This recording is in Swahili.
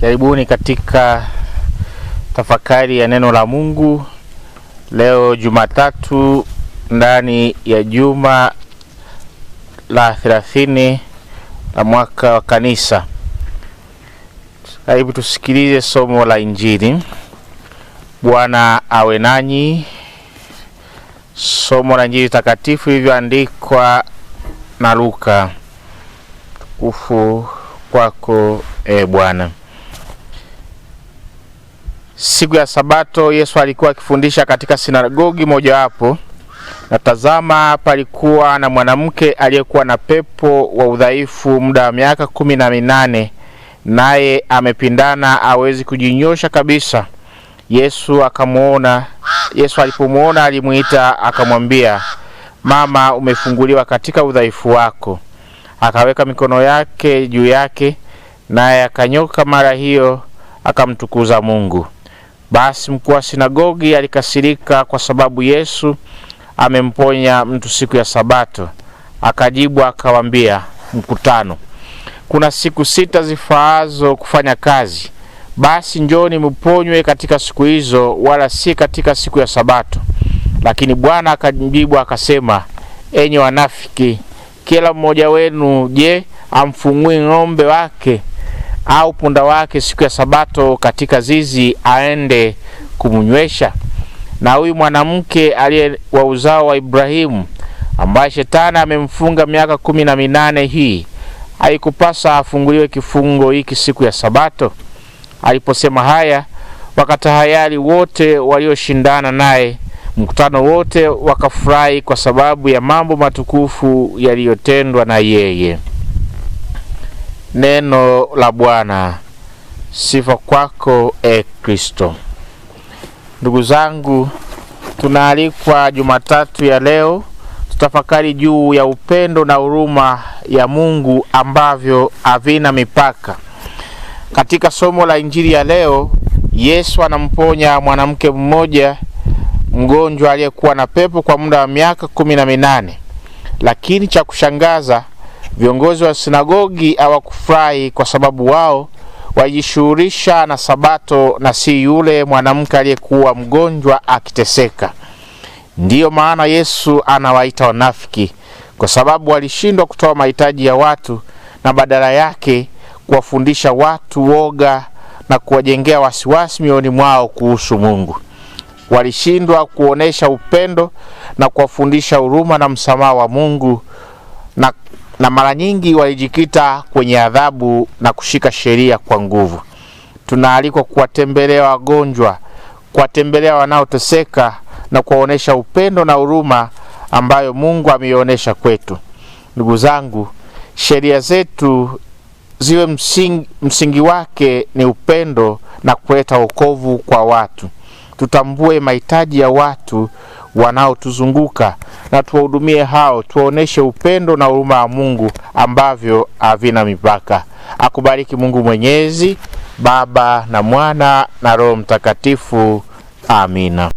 Karibuni katika tafakari ya neno la Mungu leo Jumatatu ndani ya juma la thelathini la mwaka wa kanisa. Karibu tusikilize somo la Injili. Bwana awe nanyi. Somo la Injili takatifu ilivyoandikwa na Luka. Tukufu kwako e Bwana. Siku ya Sabato Yesu alikuwa akifundisha katika sinagogi mojawapo, na tazama, palikuwa na mwanamke aliyekuwa na pepo wa udhaifu muda wa miaka kumi na minane, naye amepindana, awezi kujinyosha kabisa. Yesu akamuona. Yesu alipomuona alimuita, akamwambia, Mama, umefunguliwa katika udhaifu wako. Akaweka mikono yake juu yake, naye akanyoka mara hiyo, akamtukuza Mungu. Basi mkuu wa sinagogi alikasirika kwa sababu Yesu amemponya mtu siku ya Sabato. Akajibu akawaambia mkutano, kuna siku sita zifaazo kufanya kazi, basi njoni mponywe katika siku hizo, wala si katika siku ya Sabato. Lakini Bwana akajibu akasema, enyi wanafiki, kila mmoja wenu je, amfungui ng'ombe wake au punda wake siku ya Sabato katika zizi aende kumnywesha. Na huyu mwanamke aliye wa uzao wa Ibrahimu ambaye shetani amemfunga miaka kumi na minane, hii haikupasa afunguliwe kifungo hiki siku ya Sabato? Aliposema haya, wakatahayari wote walioshindana naye, mkutano wote wakafurahi kwa sababu ya mambo matukufu yaliyotendwa na yeye. Neno la Bwana. Sifa kwako e Kristo. Ndugu zangu, tunaalikwa Jumatatu ya leo tutafakari juu ya upendo na huruma ya Mungu ambavyo havina mipaka. Katika somo la Injili ya leo, Yesu anamponya mwanamke mmoja mgonjwa aliyekuwa na pepo kwa muda wa miaka kumi na minane, lakini cha kushangaza Viongozi wa sinagogi hawakufurahi kwa sababu wao wajishughulisha na Sabato na si yule mwanamke aliyekuwa mgonjwa akiteseka. Ndiyo maana Yesu anawaita wanafiki, kwa sababu walishindwa kutoa mahitaji ya watu na badala yake kuwafundisha watu woga na kuwajengea wasiwasi mioni mwao kuhusu Mungu. Walishindwa kuonesha upendo na kuwafundisha huruma na msamaha wa Mungu na na mara nyingi walijikita kwenye adhabu na kushika sheria kwa nguvu. Tunaalikwa kuwatembelea wagonjwa, kuwatembelea wanaoteseka na kuwaonyesha upendo na huruma ambayo Mungu ameionyesha kwetu. Ndugu zangu, sheria zetu ziwe msingi, msingi wake ni upendo na kuleta wokovu kwa watu. Tutambue mahitaji ya watu wanaotuzunguka na tuwahudumie hao, tuwaoneshe upendo na huruma ya Mungu ambavyo havina mipaka. Akubariki Mungu Mwenyezi, Baba na Mwana na Roho Mtakatifu. Amina.